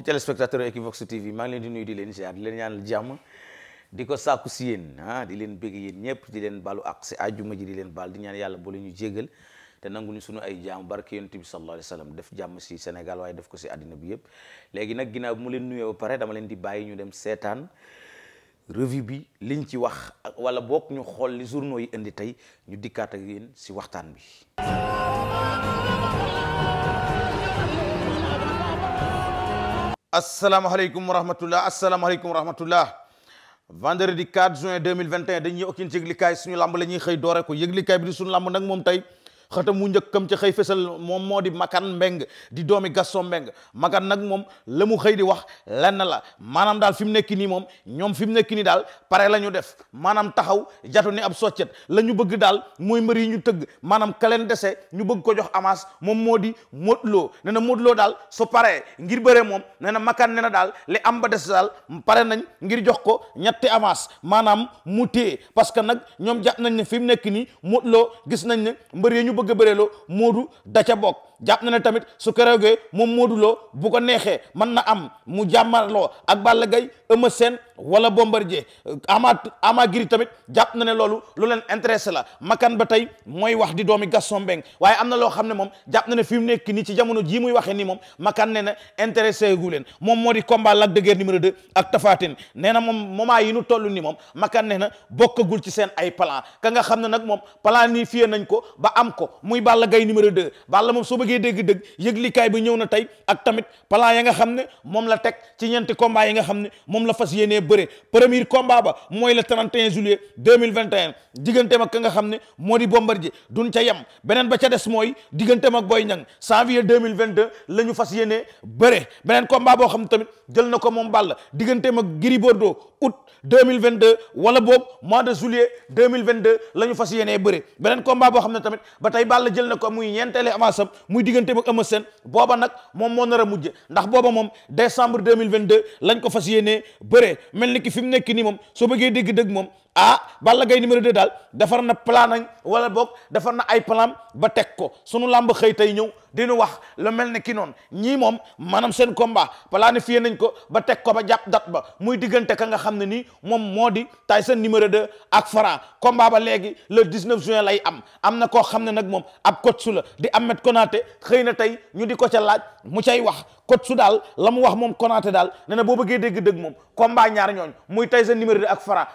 mbokki téléspectateur Equivox TV maa ngi leen di nuyu di leen ziar di leen ñaanal jàmm di ko sàkku si yéen ah di leen bëgg yéen ñëpp di leen balu ak si àjjuma ji di leen baal di ñaan yàlla boole ñu jégal te nangu ñu sunu ay jaam barke yonent bi sallallahu alayhi def jàmm si Sénégal waaye def ko si àddina bi yëpp léegi nag ginaaw bi mu leen nuyoo ba pare dama leen di bàyyi ñu dem seetaan revue bi liñ ci wax wala bokk ñu xool li journaux yi indi tey ñu dikkaat ak yéen si waxtaan bi asalaamaaleykum wa rahmatullah asalaamaaleykum wa rahmatullah vendredi 4 juin 2021 dañuy okkin ci suñu lamb la ñuy xëy doore ko yëglikaay bi di suñu lamb nag moom tey xëtam mu njëkkam ca xëy fesal moom moo di makan mbeng di doomi gaston mbeng makan nag moom la mu xëy di wax lenn la maanaam daal fi mu nekk nii moom ñoom fi mu nekk nii daal pare la ñu def maanaam taxaw jatu ni ab soccet la ñu bëgg daal mooy mbër yi ñu tëgg maanaam kaleen dese ñu bëgg ko jox avance moom moo di Modou Lo nee na Modou daal su paree ngir bëree moom nee na makan nee na daal li am ba des daal pare nañ ngir jox ko ñetti avance maanaam mu téye parce que nag ñoom jàpp nañ ne fi mu nekk nii Modou gis nañ ne mbër yi ñu bëgg a bëreeloo daca da ca bokk jàpp na tamit su keroogee moom Modou Lo bu ko neexee mën na am mu jàmmaloo ak Balla Gaye Eumeu Sène wala Bombardier euh, ama ama giri tamit jàpp na ne loolu lu leen intéressé la makan ba tey mooy wax di doomi Gaston Mbengue waaye am na loo xam ne moom jàpp na ne fi mu nekk nii ci jamono jii muy waxee nii moom makan ne na intéressé gu leen moom moo di combat Lac de Guiers numéro 2 ak Tapha Tine nee na moom na bokkagul ci seen ay plan xam ne moom ko ba ko muy Balla Gaye numéro 2 Balla moom soo bëggee dégg-dëgg yëglikaay bi na tey ak tamit plan ya nga xam ne moom la teg ci ñeenti combat yi xam ne moom la fas yéenee bëre premier combat ba mooy le mille vingt 2021 digganteem ak ka nga xam ne moo di Bombardier duñ ca yem beneen ba ca des mooy digganteem ak Boy Niang janvier 2022 la ñu fas yéene bëre beneen combat boo xam ne tamit jël na ko moom Balla digganteem ak Gris Bordeaux août 2022 wala boobu mois de juillet 2022 la ñu fas yéene bëre beneen combat boo xam ne tamit ba tey Balla jël na ko muy ñeenteele avance am muy digganteem ak Eumeu Sène booba nag moom moo nar a mujj ndax booba moom deux décembre 2022 lañ ko fas yéene bëre mel ni ki fi mu nekk nii moom soo bëggee dégg dëgg moom ah Balla gay numéro de daal defar na plan nañ wala boog defar na ay plan ba teg ko sunu làmb xëy tey ñëw dinu wax lu mel ne ki noonu ñii moom maanaam seen combat planifié nañ ko ba teg ko ba jàpp dat ba muy diggante ka nga xam ne nii moom moo di seen numéro 2 ak Franc combat ba léegi le 19 juin lay am am na koo xam ne nag moom ab coach su la di Ahmed Konaté xëy na tey ñu di ko ca laaj mu cay wax coach su daal la mu wax moom Konaté daal ne boo bëggee dégg-dëgg moom combat ñaar ñooñ muy Tyson numéro 2 ak Franc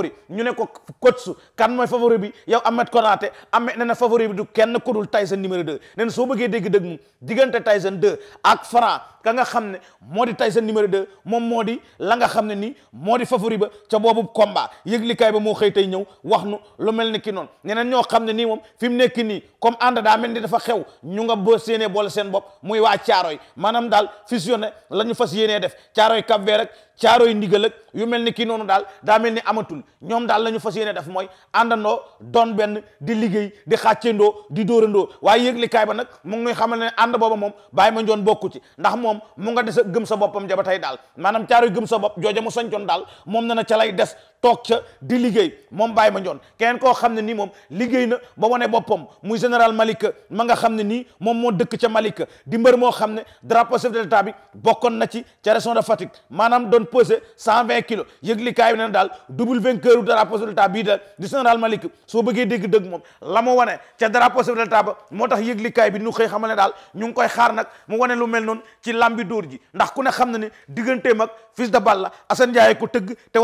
favori ñu ne ko coach kan mooy favori bi yow Ahmed Konaté Ahmed ne na favori bi du kenn ku dul Tyson numéro 2 nee na soo bëggee dégg dëgg mu diggante Tyson de ak Franc ka nga xam ne moo di Tyson numéro de moom moo di la nga xam ne nii moo di favori ca boobu combat yëglikaay ba moo xëy tey ñëw wax nu lu mel ni ki noonu ñeneen ñoo xam ne nii moom fi mu nekk nii comme ànd daa mel ni dafa xew ñu nga boo séenee boole seen bopp muy waa Caaroy maanaam daal fusionné la ñu fas yéenee def Caaroy Cap Vert rek Caaroy Ndigal ak yu mel ni ki noonu daal daa mel ni amatul ñoom daal la ñu fas yéene def mooy àndandoo doon benn di liggéey di xàccendoo di dóorandoo waaye likkaay ba nag mu ngi xamal ne ànd booba moom bàyyi ma njoon bokku ci ndax moom mun nga des a gëm sa boppam ba tey daal maanaam caaroy gëm sa bopp jooja mu sañcoon daal moom na na ca lay des toog ca di liggéey moom Baye Mandione keneen koo xam ne nii moom liggéey na ba wane boppam muy général Malick ma nga xam ne nii moom moo dëkk ca Malick di mbër moo xam ne drapeau chef de l'état bi bokkoon na ci ca région de Fatick maanaam doon pesé cent vingt kilos yëgli kaay bi ne daal double vainqueur du drapeau chef de l'état bii daal di général Malick soo bëggee dégg dëgg moom la mu wane ca drapeau chef de l'état ba moo tax yëgli kaay bi nu xëy xamal ne daal ñu ngi koy xaar nag mu wane lu mel noonu ci lambi dóor ji ndax ku ne xam ne ne digganteem ak fils de Balla Assane Ndiaye ko tëgg te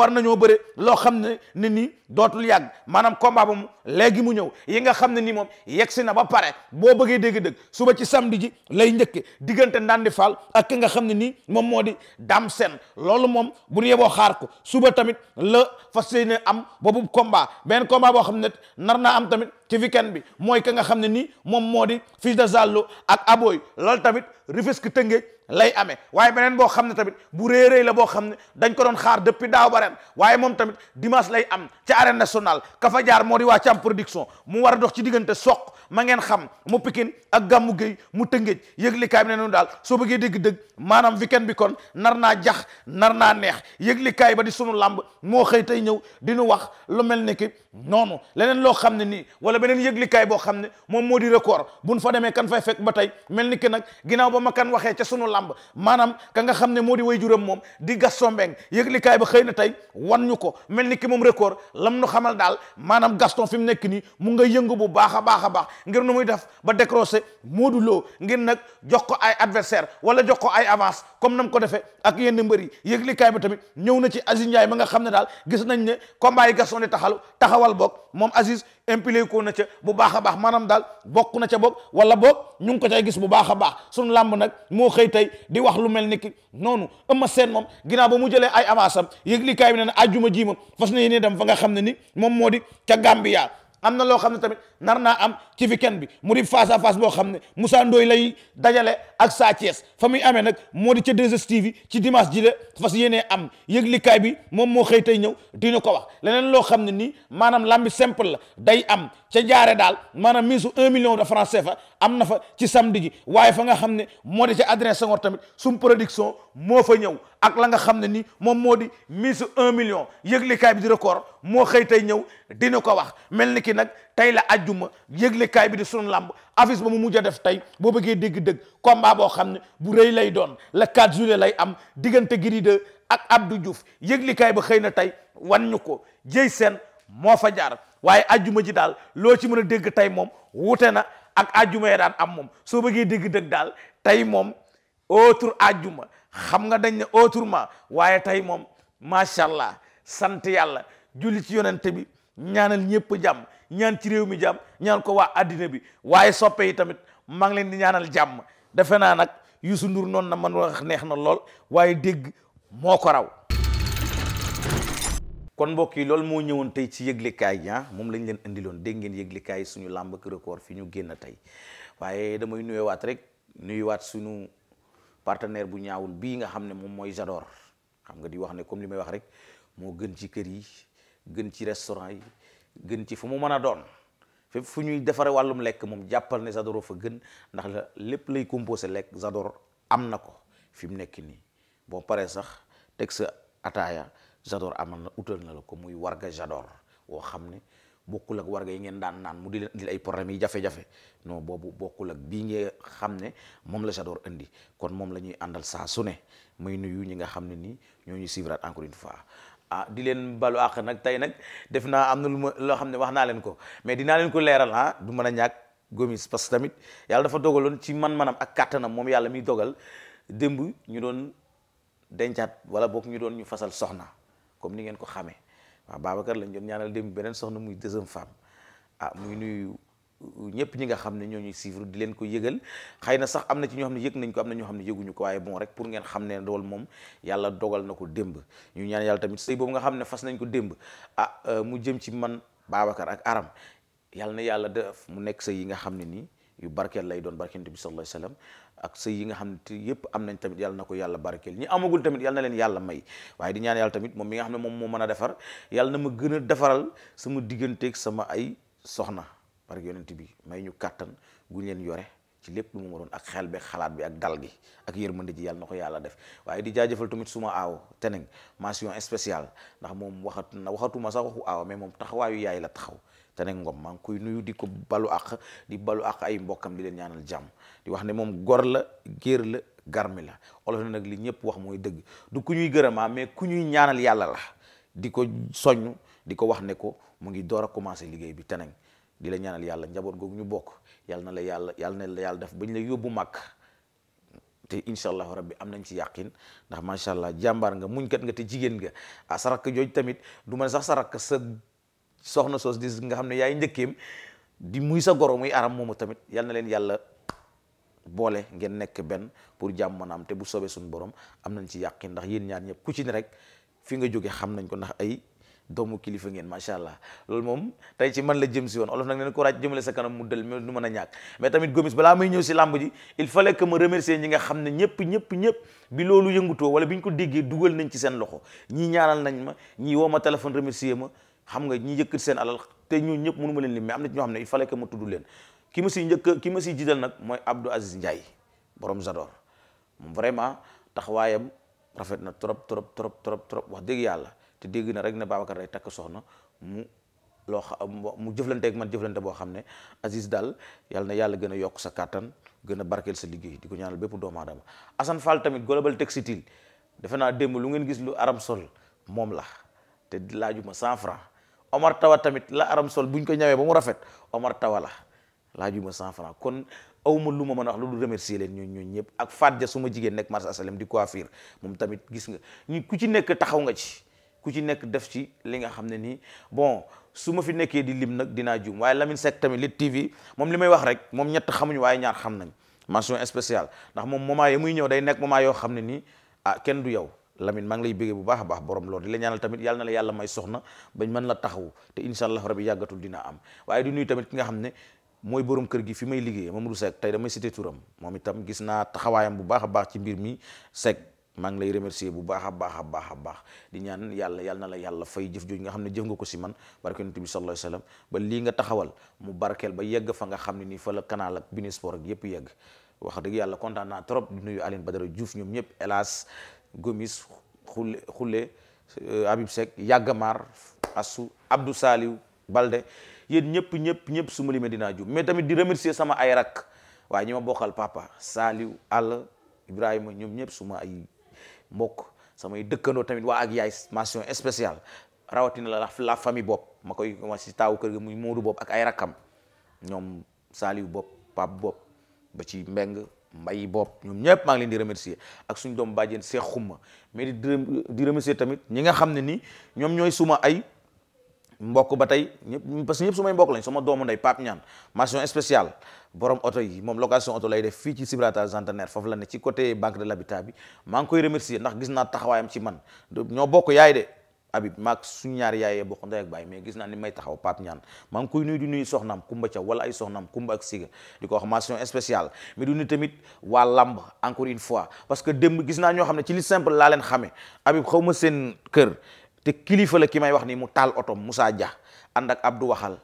loo xam ne ne nii dootul yàgg maanaam combat ba mu léegi mu ñëw yi nga xam ne nii moom yegg si na ba pare boo bëggee dégg-dëgg suba ci samedi ji lay njëkke diggante Ndandi Fall ak ki nga xam ne nii moom moo di Dame Sène loolu moom bu ñu yeboo xaar ko suba tamit la fas yéene am boobu combat benn combat boo xam ne nar na am tamit ci weekend bi mooy ki nga xam ne nii moom moo di Fils de Zallo ak Aboy loolu tamit Rufisque Tëngéej lay amee waaye beneen boo xam ne tamit bu rëy rëy la boo xam ne dañ ko doon xaar depuis daaw ba ren waaye moom tamit dimanche lay am ca arène nationale ka fa jaar moo di waa Thiam production mu war a dox ci diggante soq ma ngeen xam mu pikin ak gàmmu géy mu tëngéej yëglikaay bi ne noonu daal soo bëggee dégg-dëgg maanaam weekend bi kon nar naa jax nar naa neex yëglikaay ba di sunu làmb moo xëy tey ñëw di nu wax lu mel ni ki noonu leneen loo xam ne nii wala beneen yëglikaay boo xam ne moom moo di record buñ fa demee kan fay fekk ba tey mel ni ki nag ginnaaw ba ma kan waxee ca sunu làmb maanaam ka nga xam ne moo di way juram moom di Gaston Mbengue yëglikaay ba xëy na tey wan ñu ko mel ni ki moom record lam nu xamal daal maanaam Gaston fi mu nekk nii mu nga yëngu bu baax a baax a baax ngir nu muy def ba décrocher Modou Lo ngir nag jox ko ay adversaire wala jox ko ay avance comme nam ko defee ak yenn mbër yi yëglikaay bi tamit ñëw na ci Aziz Ndiaye ma nga xam ne daal gis nañ ne combat yi Gaston di taxawal boog moom Aziz impliqué ko na ca bu baax a baax maanaam daal bokk na ca boog wala boog ñu ngi ko cay gis bu baax a baax sunu làmb nag moo xëy tey di wax lu mel ni ki noonu Eumeu Sène moom ginnaaw ba mu jëlee ay avance am yëglikaay bi ne na ajjuma ji moom fas na yéene dem fa nga xam ne ni moom moo di ca Gambia am na loo xam ne tamit nar naa am ci weekend bi mu di face à face boo xam ne Moussa Ndoye lay dajale ak Sa Thiès fa muy amee nag moo di ca 2STV ci dimanche ji la fas yéenee am yëglikaay bi moom moo xëy tey ñëw dina ko wax leneen loo xam ne nii maanaam lambi simple la day am ca jaare daal maanaam mise su un million de francs CFA am na fa ci samedi waaye fa nga xam ne moo di ca Adrien Senghor tamit sum production moo fa ñëw ak la nga xam ne nii moom moo di mise un million yëglikaay bi di record moo xëy tey ñëw dina ko wax mel ni ki nag tey la ajjuma yëglekaay bi di sunu lamb affiche ba mu mujj a def tey boo bëggee dégg-dëgg combat boo xam ne bu rëy lay doon le 4 juillet lay am diggante Gris 2 ak Abdou Diouf yëglekaay ba xëy na tey wan ñu ko jëy seen moo fa jaar waaye ajjuma ji daal loo ci mën a dégg tey moom wute na ak ajjuma ya daan am moom soo bëggee dégg-dëgg daal tey moom autre ajjuma xam nga dañ ne autrement waaye tey moom macha allah sant yàlla julli ci yonente bi ñaanal ñëpp jàmm ñaan ci réew mi jàmm ñaan ko waa addina bi waaye soppe yi tamit maa leen di ñaanal jàmm defe naa nag Youssou Ndour noon na man wax neex na lool waaye dégg moo ko raw kon mbokk yi loolu moo ñëwoon tey ci yëglekaay yi ah, moom lañ leen indiloon dégg ngeen yëglekaay yi suñu làmb ak record fi ñu génn tey waaye damay waat rek nuyewaat suñu partenaire bu ñaawul bii nga xam ne moom mooy Jador xam nga di wax ne comme li may wax rek moo gën ci kër yi gën ci restaurant yi gën ci fu mu mën a doon fépp fu ñuy defare wàllum lekk moom jàppal ne Zador fa gën ndax la lépp lay composé lekk Zador am na ko fi mu nekk nii boo paree sax teg sa ataaya Zador amal na utal na la ko muy warga Zador woo xam ne bokkul ak warga yi ngeen daan naan mu di leen indil ay problème yi jafe-jafe non boobu bokkul ak bii ngeen xam ne moom la Zador indi kon moom la ñuy àndal saa su ne muy nuyu ñi nga xam ne nii ñoo ñu suivre encore une fois. ah di leen balu àq nag tey nag def naa am na lu ma loo xam ne wax naa leen ko mais dinaa leen ko leeral ah du mën a ñàkk gomis parce que tamit yàlla dafa dogaloon ci man-manam ak kàttanam moom yàlla miy dogal démb ñu doon dencaat wala boog ñu doon ñu fasal soxna comme ni ngeen ko xame waa Babacar lañ doon ñaanal démb beneen soxna muy deuxième femme ah muy nuyu ñëpp ñi nga xam ne ñoo ñuy suivre di leen ko yëgal xëy na sax am na ci ñoo xam ne yëg nañ ko am na ñoo xam ne yëguñu ko waaye bon rek pour ngeen xam ne loolu moom yàlla dogal na ko démb ñu ñaan yàlla tamit sëy boobu nga xam ne fas nañ ko démb ah euh, jëm ci man Babacar ak yàlla na yàlla def mu nekk sëy yi nga xam ne nii yu barkeel lay doon barkeel bi sallallahu alayhi wasallam ak sëy yi nga xam ne yëpp am nañ tamit yàlla na ko yàlla barkeel ñi amagul tamit yàlla na leen yàlla may waaye di ñaan yàlla tamit moom mi nga xam ne moom moo mën a defar yàlla na ma gën a defaral sama digganteeg sama ay soxna parce que yonent bi may ñu kàttan gu ñu leen yore ci lépp lu mu waroon ak xel bi xalaat bi ak dal gi ak yërmande ji yàlla na ko yàlla def waaye di jaajëfal tamit suma aaw teneng mention spéciale ndax moom waxat na waxatuma sax waxu aaw mais moom taxawaayu yaay la taxaw teneng ngom maa ngi koy nuyu di ko balu àq di balu àq ay mbokkam di leen ñaanal jàmm di wax ne moom gor la géer la garmi la olof na nag li ñëpp wax mooy dëgg du ku ñuy gërëmaa mais ku ñuy ñaanal yàlla la di ko soññ di ko wax ne ko mu ngi door a commencé liggéey bi teneng di la ñaanal yàlla njaboot googu ñu bokk yàlla na la yàlla yàlla na la yàlla def bañ la yóbbu màkk te incha allahu rabbi am nañ ci yàqin ndax macha allah jàmbaar nga muñ muñkat nga te jigéen nga ah sa jooj tamit du ma sax sarak rakk sa soxna soos di nga xam ne yaay njëkkeem di muy sa goro muy aram moomu tamit yal na leen yàlla boole ngeen nekk benn pour jàmm mën te bu soobee suñu borom am nañ ci yàqin ndax yéen ñaar ñëpp ku ci ne rek fi nga jóge xam nañ ko ndax ay doomu kilifa ngeen macha allah loolu moom tey ci man la jëm si woon olof nag neen courage jëmale sa kanam mu dël mais du mën a ñàkk mais tamit gomis balaa may ñëw si làmb ji il fallait que ma remercier ñi nga xam ne ñëpp ñëpp ñëpp bi loolu yëngutoo wala bi ñu ko déggee dugal nañ ci seen loxo ñii ñaanal nañ ma ñii woo ma téléphone remercier ma xam nga ñi yëkkat seen alal te ñoo ñëpp mënu ma leen lim mais am na ci ñoo xam ne il fallait que ma tudd leen ki ma si njëkk ki ma si jiital nag mooy Abdou Aziz Ndiaye borom Zador moom vraiment taxawaayam rafet na trop trop trop trop trop wax dëgg yàlla dégg na rek ne Babacar day takk soxna mu loo xam mu jëflanteeg man jëflante boo xam ne Aziz daal yàlla na yàlla gën a yokk sa kàttan gën a barkeel sa liggéey di ko ñaanal bépp doomu aadama Assane Fall tamit Global Textile defe naa démb lu ngeen gis lu aram sol moom la te laajuma cent franc Omar Tawa tamit la aram sol buñ ko ñawee ba mu rafet Omar Tawa la laajuma cent franc kon awma lu ma mën a wax lu du remercier leen ñooñ ñooñ ñëpp ak Fatou Dia suma jigéen nekk marché asalem di moom tamit gis nga ñu ku ci nekk taxaw nga ci ku ci nekk def ci li nga xam ne nii bon su ma fi nekkee di lim nag dinaa juum waaye Lamine Seck tamit Lutte TV moom li may wax rek moom ñett xamuñu waaye ñaar xam nañ mention spéciale ndax moom moment yi muy ñëw day nekk moment yoo xam ne nii ah, kenn du yow Lamine maa lay béggee bu baax a baax borom loolu di la ñaanal tamit yàlla na la yàlla may soxna ba mën la taxawu te incha allah rabi yàggatul dina am waaye du nuyu tamit ki nga xam ne mooy borom kër gi fi may liggéey liggéeyee Mamadou Seck tey damay cité turam moom itam gis naa taxawaayam bu baax a baax ci mbir mi Seck maa ngi lay remercier bu baax a baax a baax a baax di ñaan yàlla yàlla na la yàlla fay jëf jooju nga xam ne jëf nga ko si man barke yonent bi sallallahu alayhi wasallam ba lii nga taxawal mu barkeel ba yegg fa nga xam ne nii fa la canal ak Binisport ak yëpp yegg wax dëgg yàlla kontaan naa trop di nuyu Aline Badara Diouf ñoom ñëpp Elas Gomis xule xule euh, Habib Seck Yagamar Assou abdu Saliou Balde yéen ñëpp ñëpp ñëpp su ma limee dinaa jub mais tamit di remercier sama ay rak waaye ñi ma bokkal papa Saliou Àll Ibrahima ñoom ñëpp suma ay mbokk samay dëkkandoo tamit waa ak yaay mention spéciale rawatina la la famille bopp ma koy commencé si taawu kër gi muy Moodu bopp ak ay rakkam ñoom saaliyu bopp Pape bopp ba ci Mbeng Mbaye bopp ñoom ñëpp maa ngi leen di remercier ak suñ doom bàjjen Seex Xuma mais di di remercier tamit ñi nga xam ne ni ñoom ñooy suma ay mbokk ba tey ñëpp parce que su may mbokk lañ sama doomu ndey Pape Niane mention spéciale oto yi moom location oto lay def fii ci Gibraltar Centenaire foofu la ne ci côté banque de l'habitat bi maa koy remercier ndax gis naa taxawaayam ci man ñoo bokk yaay de Habib maag suñu ñaari yaayee baay mais gis naa ni may taxaw Pape Niane maa ngi koy nuyu nuyu soxnaam Kumba Thiaw wala ay soxnaam Kumba ak Siga di ko wax mention tamit waa lamb encore une fois parce que démb gis naa ñoo xam ne ci li simple laa leen xamee Habib xaw ma seen kër te kilifa la ki may wax nii mu taal oto Moussa Dia ànd ak Abdou Waxal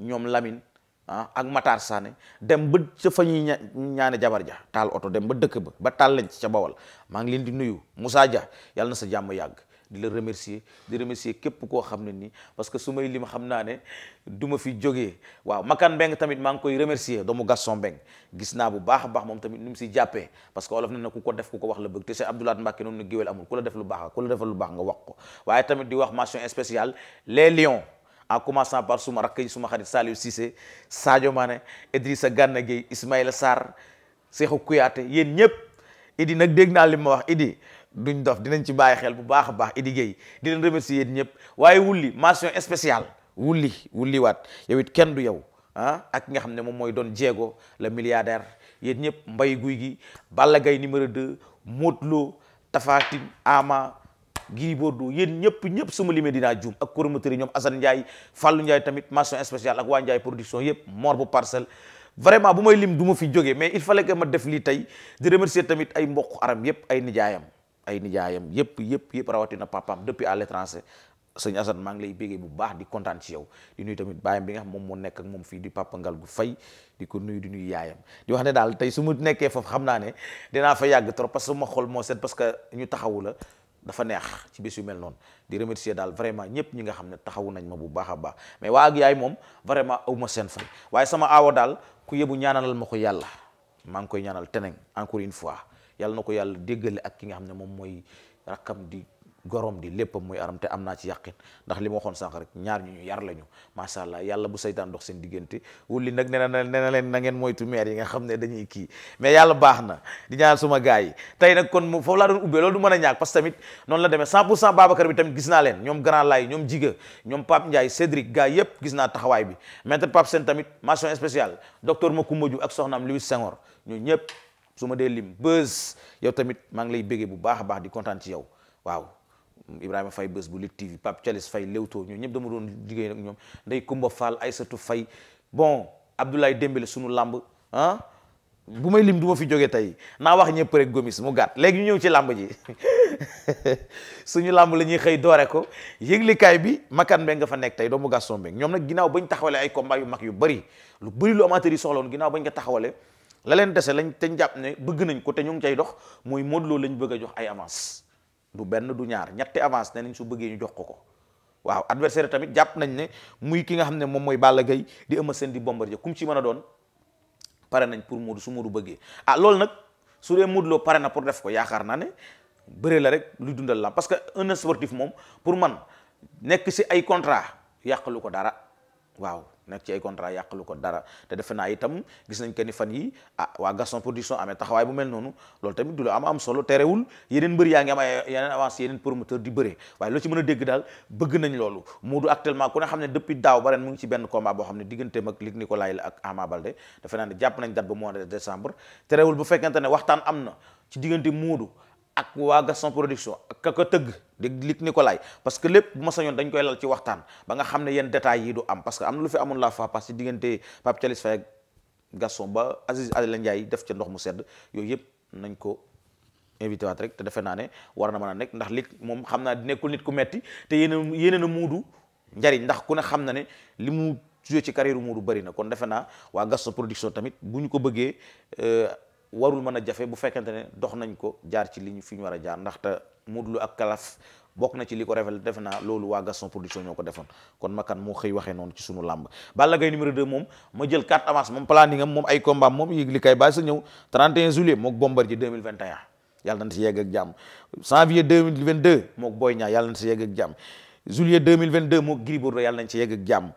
ñoom lamin ah ak Matar Sané dem ba ca fa ñuy ñaane jabar ja taal oto dem ba dëkk ba ba taal lañ ca bawal maa ngi leen di nuyu Moussa Dia yàlla na sa jàmm yàgg di la remercier di remercier képp koo xam ne nii parce que su may lim xam naa ne duma fi jóge waaw Makan Mbeng tamit maa ngi koy remercier doomu Gaston Mbeng gis naa bu baax a baax moom tamit nu mu si jàppee parce que olof na ne ku ko def ku ko wax la bëgg te Cheikh Abdoulaye Mbacke noonu ne géwél amul ku la def lu baax ku la nga wax ko waaye tamit di wax mention spéciale les lions en commençant par suma rakk yi suma xarit Saliou Cissé Sadio Mané Idrissa Gana Gueye Ismaïla Sarr Cheikhou Kouyaté yéen ñëpp idi nag dégg naa li ma wax idi duñ dof dinañ ci bàyyi xel bu baax a baax Idi Gueye di leen remercier yéen ñëpp waaye wulli mention spéciale wulli wulli waat yow it kenn du yow ah ak nga xam ne moom mooy doon jéego le milliardaire yéen ñëpp mbay guy gi Balla Gaye numéro 2 Modou Lo Tapha Tine Ama Gris du yéen ñëpp ñëpp suma limee dinaa juum ak promoteur yi ñoom Assane Ndiaye Fallou Ndiaye tamit mention spéciale ak waa Ndiaye production yëpp mor bu parcelle vraiment bu may lim du ma fi jóge mais il fallait que ma def lii tey di remercier tamit ay aram yëpp ay nijaayam ay nijaayam yëpp yëpp yëpp rawatina papaam depuis à l'étranger sëñ Assane maa ngi lay béggee bu baax di kontaan ci yow di nuyu tamit baayam bi nga xam moo nekk moom fii di papa ngal gu fay di ko nuyu di yaayam wax ne daal tey su ma nekkee foofu xam naa ne dinaa fa yàgg trop parce que ma xol moo set parce que ñu taxawu la dafa neex ci bés yu mel noonu di remercier daal vraiment ñëpp ñi nga xam ne taxawu nañ ma bu baax a baax mais waa ak yaay moom vraiment aw ma seen fay waaye sama aawa daal ku yebu ñaanalal ma ko yàlla maa ngi koy ñaanal teneen encore une fois yàlla na ko yàlla déggale ak ki nga xam ne moom mooy rakkam di gorom di léppam muy aram te am naa ci yàqin ndax li ma waxoon sànq rek ñaar ñu ñu yar lañu macha allah yàlla bu saytaan dox seen diggante wulli nag nee na nee na leen na ngeen moytu maire yi nga xam ne dañuy kii mais yàlla baax na di ñaan suma gars yi tey nag kon mu foofu laa doon ubbee loolu du mën a ñàkk parce que tamit noonu la demee 100 pour cent Babacar bi tamit gis naa leen ñoom Grand Laye ñoom Jiga ñoom gis naa taxawaay bi maître Pape tamit mention spéciale docteur Macoumba Diouf ak soxnaam Louis Senghor ñoo su ma dee lim buzz yow tamit maa ngi lay béggee bu baax a baax di kontaan ci yow waaw Ibrahima fay buzz bu Lutte TV Pape Thialis fay Leewtoo ñoom ñëpp dama doon diggee ak ñoom Ndeye Kumba Fall Aïssatou Faye bon Abdoulaye Dembélé sunu lamb ah bu may lim du ma fi jógee tey naa wax ñëpp rek gomis mu gàtt léegi ñu ñëw ci lamb ji suñu lamb la ñuy xëy doore ko yëglikaay bi makan mbeng fa nekk tey doomu Gaston Mbeng ñoom nag ginnaaw bañ taxawale ay combat yu mag yu bëri lu bëri lu amateur yi soxloon ginnaaw bañ nga taxawale la leen dese lañ te jàpp ne bëgg nañ ko te ñu ngi cay dox mooy Modou lañ bëgg a jox ay avance du benn du ñaar ñetti avance ne nañ su bëggee ñu jox ko ko waaw adversaire tamit jàpp nañ ne muy ki nga xam ne moom mooy Balla Gaye di Eumeu Sène di Bombardier kum ci mën a doon pare nañ pour Modou su Modou bëggee ah loolu nag su dee Modou Lo pare na pour def ko yaakaar naa ne bëre la rek lu dundal la parce que un sportif moom pour man nekk si ay contrat yàqalu ko dara waaw nekk ci ay contrat yàqalu ko dara te defe naa itam gis nañ que ni fan yi ah waa Gaston production amee taxawaay bu mel noonu loolu tamit du lu am am solo terewul yeneen mbër yaa ngi am ay yeneen avance yeneen promoteur di bëree waaye loo ci mën a dégg daal bëgg nañ loolu Modou actuellement ku ne xam ne depuis daaw ba ren mu ngi ci benn combat boo xam ne digganteem ak Luc Nicolaï la ak Ama Baldé defe naa ne jàpp nañ date ba mois de décembre terewul bu fekkente ne waxtaan am na ci diggante Modou ak waa Gaston production ak ka tëgg di lig Nicolas parce que lépp ma sa sañoon dañ koy lal ci waxtaan ba nga xam ne yenn détails yi du am parce que am na lu fi amoon la fa parce que diggante Pape Thialis Faye ak Gaston ba Aziz Adela Ndiaye def ca ndox mu sedd yooyu yëpp nañ ko invité waat rek te defe naa ne war na mën a nekk ndax lig moom xam naa nekkul nit ku metti te yéen yeneen a muudu njariñ ndax ku ne xam na ne li mu joué ci carrière muudu bëri na kon defe naa waa Gaston production tamit bu ñu ko bëggee euh, warul man a jafe bu fekkente ne dox nañ ko jaar ci li ñu fi ñu war a jaar ndaxte Modou Lo ak Kalaf bokk na ci li ko révélé defe naa loolu waa Gaston production ñoo ko defoon kon Makan moo xëy waxee noonu ci sunu làmb Balla Gaye numéro 2 moom ma jël carte avance moom planning am moom ay combat moom yéeg li kay bàyyi sa ñëw 31 juillet mook Bombardier 2021 yàlla na ci yegg ak jàmm janvier 2022 mook Boy Niang yàlla na ci yegg ak jàmm juillet 2022 mook Gris Bordeaux yàlla nañ ci yegg ak jàmm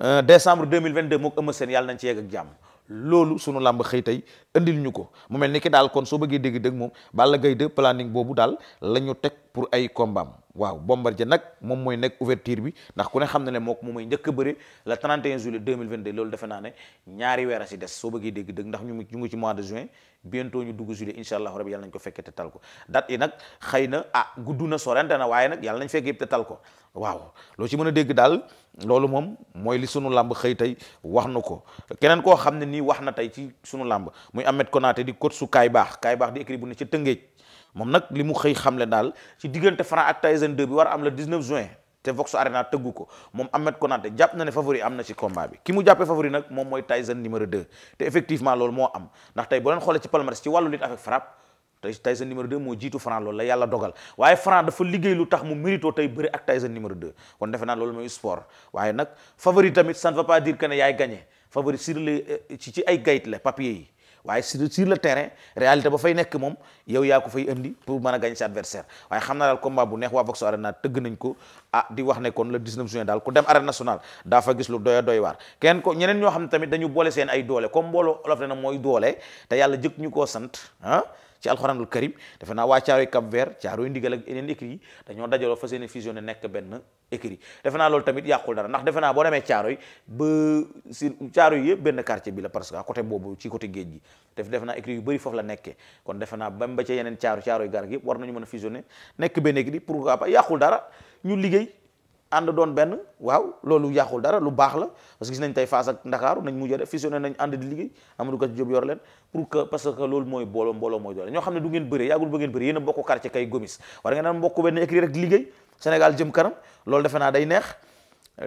euh, décembre 2022 làmb xëy tey indil ñu ko mu mel ni ki daal kon soo bëggee dégg dëgg moom Balla Gaye 2 planning boobu daal la ñu teg pour ay kombaam waaw Bombardier nag moom mooy nekk ouverture bi ndax ku ne xam na ne mook moom mooy njëkk a bëre le 31 juillet 2022 loolu defe naa ne ñaari weer a si des soo bëggee dégg dëgg ndax na ah gudd na waaye nag yàlla nañ fekkee te loo ci mën a dégg daal loolu moom mooy li sunu làmb xëy tey wax na ko keneen koo xam ne nii wax na tey ci sunu làmb muy Ahmed Konaté di coach su kaay baax kaay baax di écrit bu ne ci Tëngéej moom nag li mu xëy xamle daal ci diggante Franc ak Tyson 2 bi war a am le 19 juin te Vox Arena tëggu ko moom Ahmed Konaté jàpp na ne favori am na ci combat bi ki mu jàppee favori nag moom mooy Tyson numéro 2 te effectivement loolu moo am ndax tey boo leen xoolee ci palmarès ci wàllu lutte avec frappe tey numéro 2 moo jiitu Franc loolu la yàlla dogal lu tax mu mérito tey bëri ak Tyson numéro 2 kon defe naa loolu mooy sport waaye nag favori euh, ci ci ay gayit la papier yi waaye sur sur le terrain réalité ba fay nekk moom yow yaa ko fay indi pour mën a gañ sa adversaire waaye xam naa daal combat bu neex waa Vox Arena tëgg nañ ko ah di wax ne kon le 19 juin daal ku dem arène nationale daa fa gis lu doya doy waar kenn ko ñeneen ñoo xam ne tamit dañu boole seen ay doole comme mbooloo olof ne na mooy doole te yàlla jëkk ñu koo sant ah ci alxuraanul karim defe naa waa caaroy Cap Vert caaroy ndigal ak yeneen écrits yi dañoo dajaloo fas yéene fusionné nekk benn écrit defe naa lool tamit yàqul dara ndax defe naa boo demee caaroy ba si caaroy yëpp benn quartier bi la parce que à côté boobu ci côté géej gi def defe naa écrit yu bëri foofu la nekkee kon defe naa bam ba ca yeneen caaru caaroy garag yëpp war nañu mën a fusionné nekk benn écrit pourquoi pas yàqul dara ñu liggéey ànd doon benn waaw loolu yàqul dara lu baax la parce que gis nañ tey Fass ak Ndakaaru nañ mujj def fusionné nañ ànd di liggéey Amadou Kat Diop yor leen pour que parce que loolu mooy booloo mbooloo mooy doole ñoo xam ne du ngeen bëree yàggul ba bëree yéen a bokk quartier kay gomis war ngeen naan bokk benn écrit rek liggéey Sénégal jëm kanam loolu defe naa day neex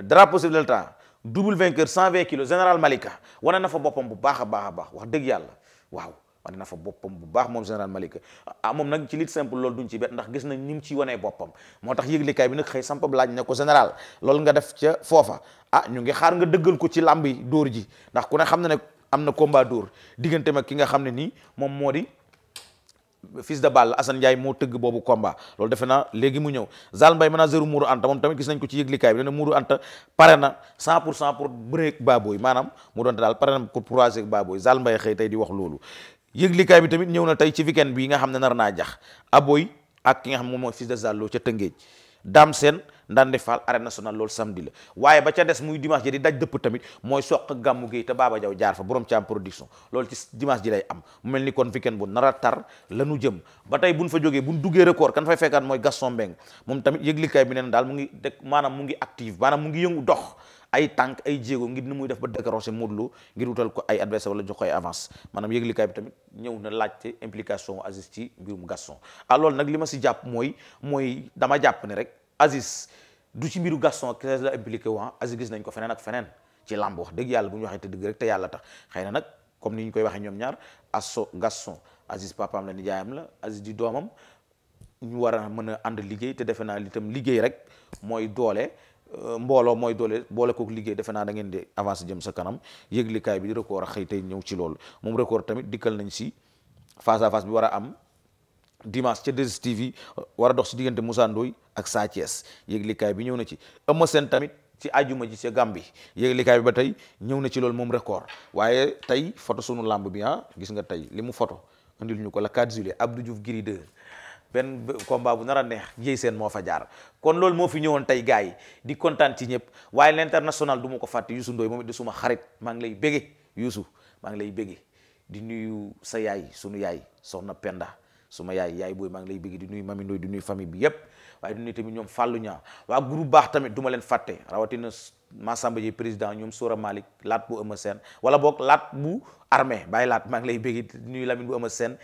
drapeau sur le temps double vainqueur 120 kilos général Malika wane na fa boppam bu baax a baax a baax wax dëgg yàlla waaw wane na fa boppam bu baax moom général Malick ah moom nag ci lit simple loolu duñ ci bet ndax gis nañ ni ci wanee boppam moo tax yëglikaay bi nag xëy sampab laaj ne ko général lool nga def ca foofa ah ñu ngi xaar nga dëggal ko ci làmb yi dóor ji ndax ku ne xam na ne am na combat dóor diggante mag ki nga xam ne nii moom moo di fils de balle Assane Ndiaye moo tëgg boobu komba loolu defe na léegi mu ñëw Zal Mbaye manageru Mourou Anta moom tamit gis nañ ko ci yëglikaay bi ne Mourou Anta pare na 100 pour 100 pour bëreek Baboy maanaam mu doonte daal pare na pour croiser Baboy Zal tey di wax yëglikaay bi tamit ñëw na tey ci weekend bi nga xam ne nar naa jax aboy ak ki nga xam moom mooy fils de Zallo ca Tëngéej Dame Sène Ndande Fall arène nationale loolu di la waaye ba ca des muy dimanche ji di daj dëpp tamit mooy soq gàmmu géey te Baba Jaw jaar fa borom caam production loolu ci dimanche ji lay am mu mel ni kon weekend bu nar a tar la nu jëm ba tey buñ fa jógee buñ duggee record kan fay fekkaat mooy Gaston Mbeng moom tamit yëglikaay bi neen daal mu ngi deg maanaam mu ngi active maanaam mu ngi yëngu dox ay tànk ay jéego ngir ni muy def ba décrocher Modou Lo ngir wutal ko ay adversaire wala jox ko ay avance maanaam yëglikaay bi tamit ñëw na laajte implication Aziz ci mbirum Gaston ah nag li ma si jàpp mooy mooy dama jàpp ne rek Aziz du ci mbiru Gaston kese la impliqué wu ah. gis nañ ko feneen ak feneen ci làmb wax dëgg yàlla bu ñu waxee te dëgg rek te yàlla tax xëy na nag comme ni ñu koy waxee ñoom ñaar asso Gaston Aziz papaam la nijaayam la Aziz di doomam ñu war a mën a ànd liggéey te defe naa li itam liggéey rek mooy doole Euh, mbooloo mooy doole boole kook liggéey defe naa da ngeen di avancé jëm sa kanam yëglikaay bi di record a xëy tey ñëw ci loolu moom record tamit dikkal nañ si face à war am dimanche ca 2STV euh, war a dox si diggante Moussa Ndoye ak Sa Thiès yëglikaay bi ñëw na ci Eumeu seen tamit ci ajuma ji ca Gàmbi yëglikaay bi ba tey ñëw na ci loolu moom record waaye tey foto sunu lamb bi ah gis nga tey li mu photo lu ñu ko la 4 juillet Abdou Diouf Giri 2 benn combat bu nar a neex jéy seen moo fa jaar kon loolu moo fi ñëwoon tey gaa yi di kontaan ci ñëpp waaye l'international du ma ko fàtte Youssou Ndoye moom it di suma xarit maa ngi lay bége Youssou maa ngi lay bége di nuyu sa yaay sunu yaay soxna Penda suma yaay yaay booy maa lay bége di nuyu Mami Ndoye di nuyu famille bi yëpp waaye di nuyu tamit ñoom Fallou Niang waa groupe baax tamit duma leen fàtte rawatina Massamba Dieye président ñoom Sora Malick laat bu Eumeu Sène wala boog laat bu armée bàyyi laat maa ngi lay bége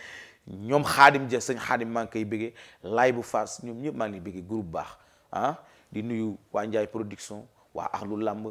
ñoom xaadim ja sëñ xaadim maa ngi koy bëggee bu fas ñoom ñëpp maa ngi lay bëggee groupe baax ah di nuyu waa Njaay production waa axlu làmb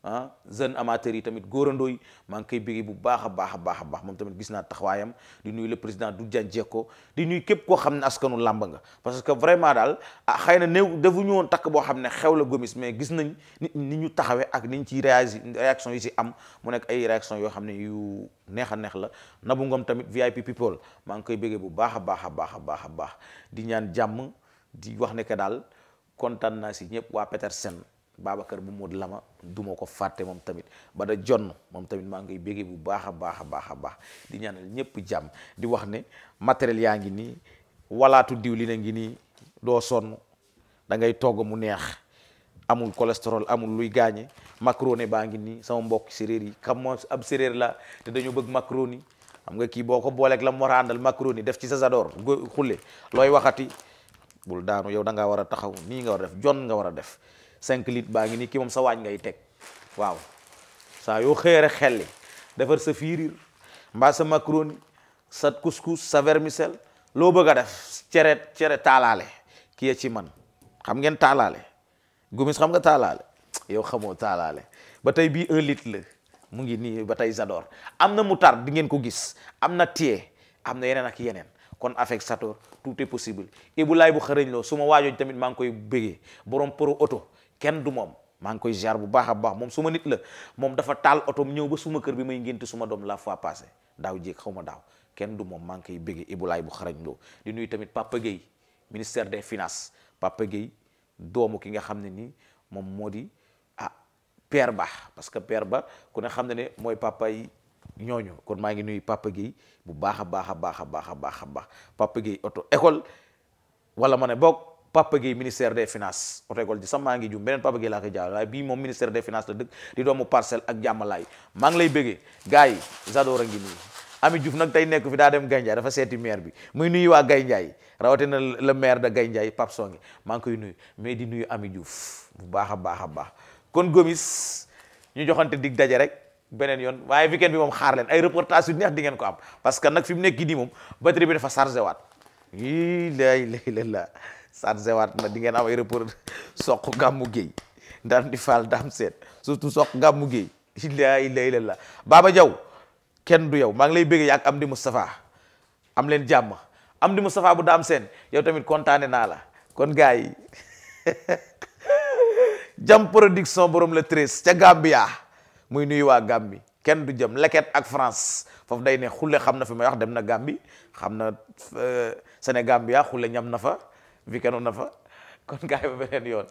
ah jeune amateur yi tamit góorandooy maa ngi bu baax a baax a baax a baax moom tamit gis naa taxawaayam di nuyu le président du Dianjeko di nuyu képp koo xam ne askanu làmb nga parce que vraiment daal ah, xëy na néew defuñu takk boo xam ne xew la gomis mais gis nañ ni ñu taxawee ak niñ ci réagi réaction yi si am mu nekk ay réaction yoo xam ne yu neex a neex la Nabou Ngom tamit VIP people maa ngi koy bégee bu baax a baax a baax a baax a baax di ñaan jàmm di wax ne que daal kontaan naa si ñëpp waa sen baaba Babacar bu Modou Lama duma ko fàtte moom tamit ba da jonn moom tamit maa ngay béggee bu baax a baax a baax a baax di ñaanal ñépp jàmm di wax ne matériel yaa ngi nii walaatu diw li na ngi nii doo sonn da ngay togg mu neex amul cholestérol amul luy gaañe macrone baa ngi nii sama mbokk séréer yi xam moo ab séréer la te dañoo bëgg macaroni xam nga kii boo ko booleeg la mu war a àndal macaroni def ci sa sador xulle looy waxati bul daanu yow da ngaa war a taxaw nii nga war def jon nga war a def cinq litres baa ngi nii kii moom sa waañ ngay teg waaw saa yoo xëyere xelli defar sa firir mbaa sa macaroni sa couscous sa vermicelle loo bëgg a def cere cere taalaale ki ya ci man xam ngeen taalaale gumis xam nga taalaale yow xamoo taalaale ba tey bii un litre la mu ngi nii ba tey Zador am na moutarde di ngeen ko gis am na tie am na yeneen ak yeneen kon avec Zator tout est possible Ibou Laye bu xarañ loo su ma waajooju tamit maa ngi koy bëggee borom pour oto kenn du moom maa ngi koy ziar bu baax a baax moom su ma nit la moom dafa taal otom ñëw ba suma kër bi may ngénte suma doom la fois passé daaw jéeg xaw ma daaw kenn du moom maa ngi koy béggee ibulaay bu xarañ loo di nuyu tamit Papa Guèye ministère des finances Papa Guèye doomu ki nga xam ne nii moom moo di ah père ba parce que père ba ku ne xam ne ne mooy papa yi ñooñu kon maa ngi nuyu Papa Guèye bu baax a baax a baax a baax a baax a baax Papa Guèye oto école wala ma ne boog Papa ministère des finances otegol ji sax maa ngi jum beneen Papa Gueye laa koy jaawale waaye bii moom ministère des finances la dëkk di doomu parcelle ak jàmmalaay maa lay bëggee gars yi Zador a ngi nii Ami Diouf nag tey nekk fi daa dem Gayndiaye dafa seeti maire bi muy nuyu waa Gayndiaye rawatina le maire de Gayndiaye Pape Songe maa ngi koy nuyu mais di nuyu Ami Diouf bu baax a baax a baax kon Gomis ñu joxante dig daje rek beneen yoon waaye weekend bi moom xaar leen ay reportage di ngeen ko am parce que nag fi mu nekk nii moom batterie bi dafa chargé waat yi lay lay chargé waat na di ngeen am ay rapport soq gàmmu géey ndam di faal daam seet surtout soq gàmmu géey laa ilaaha illallaah Baba Diaw kenn du yow maa ngi lay bëgg yaak am di Moustapha am leen jàmm am di Moustapha bu daam seen yow tamit kontaane naa la kon gars yi jam production borom la treize ca Gambia muy nuyu waa Gambi kenn du jëm leket ak France foofu day ne xule xam na fi may wax dem na Gambi xam na euh, Sénégambia xulle ñam na fa bi kanu na fa kon gaay ba beneen yoon